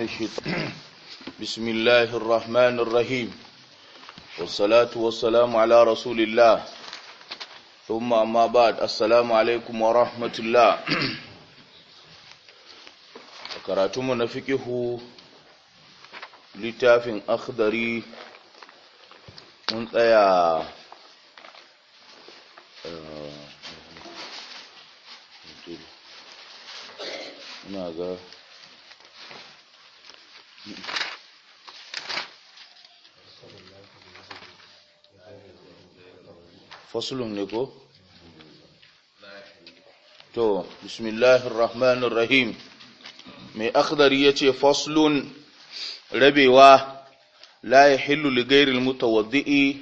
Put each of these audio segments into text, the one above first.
من الشيطان بسم الله الرحمن الرحيم والصلاة والسلام على رسول الله ثم أما بعد السلام عليكم ورحمة الله قراتم نفكه لتاف أخضري من tsaya ina fasulun ne ko to bismillahir rahmanir rahim mai akhdari yace faslun rabewa la yahillu li ghayril mutawaddi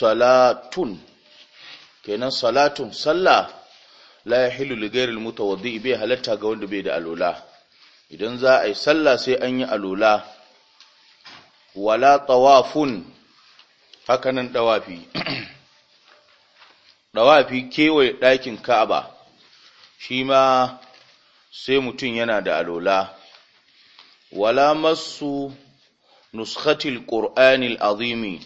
salatun kenan salatun sallah la yahillu li ghayril mutawaddi bai halatta ga wanda bai da alula idan za a yi sallah sai an yi alula wala tawafun hakanan dawafi dawafi kewaye ɗakin ka'aba shi ma sai mutum yana da alula wala masu nuskatil ƙur'anil azimi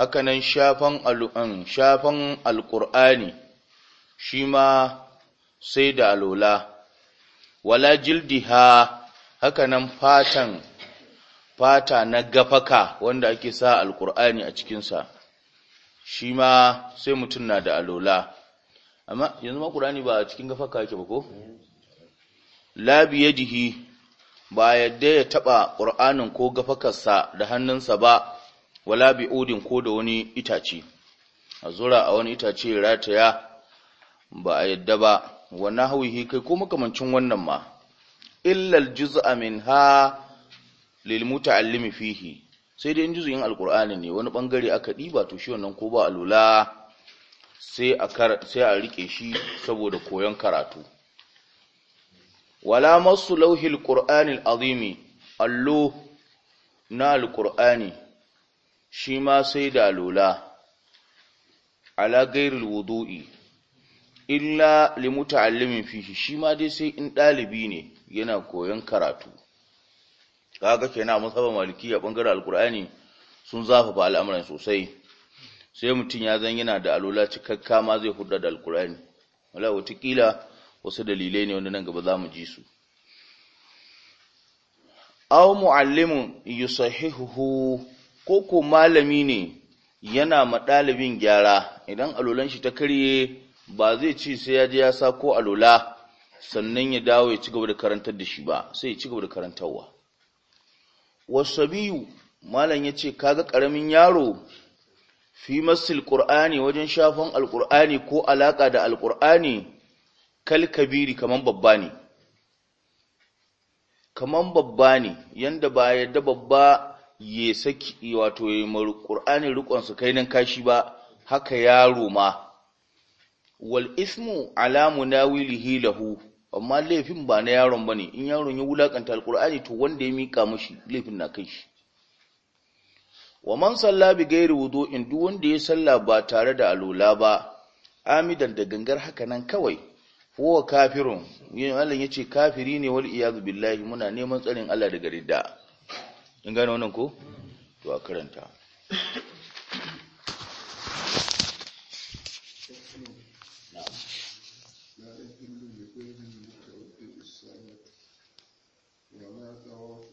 hakanan shafan al'un shafan alƙur'ani shi ma sai da alula wala jildiha hakanan nan fatan fata na gafaka wanda ake sa alkur'ani a cikinsa shi ma sai mutum na da alola amma yanzu ma qur'ani ba a cikin gafaka yake ba ko labi yadihi ba yadda ya taɓa ƙur'anin ko gafakarsa da hannunsa ba wala bi odin ko da wani itace a zura a wani itace rataya ba a yadda ba wa nahwihi kai ko makamancin wannan ma illa aljuz'a minha lil muta'allimi fihi sai dai in juz'in alqur'ani ne wani bangare aka diba to shi wannan ko ba alula sai a sai a rike shi saboda koyon karatu wala masu lauhil qur'anil azimi allo na alqur'ani shi ma sai da alula ala gairil wudu'i illa limuta'allimin fihi shi ma dai sai in ɗalibi ne yana koyon karatu kaga kenan musaba a bangaren alkur'ani sun zafafa al'amuran sosai sai mutum ya zan yana da alola cikakka ma zai hudda da alkur'ani wala wasu dalilai ne wanda nan gaba za mu ji su aw muallimun yusahihuhu ko ko malami ne yana ma ɗalibin gyara idan alolan shi ta karye ba zai ci sai ya je ya sa ko alula sannan ya dawo ya ci gaba da karantar da shi ba sai ya ci gaba da karantarwa wasabiyu malam ce kaga karamin yaro fi masil qur'ani wajen shafan alqur'ani ko alaka da alqur'ani kal kabiri kaman babba ne kaman babba ne yanda ba yadda babba ya saki wato ya mar qur'ani rikon su kai nan kashi ba haka yaro ma wal ismu ala munawilihi lahu amma laifin ba na yaron bane in yaron ya wulakanta alqur'ani to wanda ya mika mishi laifin na kai shi wa man salla bi ghairi wudu'in duk wanda ya salla ba tare da alula ba amidan da gangar haka nan kawai huwa kafirun yin Allah yace kafiri ne wal iyad billahi muna neman tsarin Allah daga ridda in gane wannan ko to a karanta لا يحل لغير المتعدد الصمد ولا طواف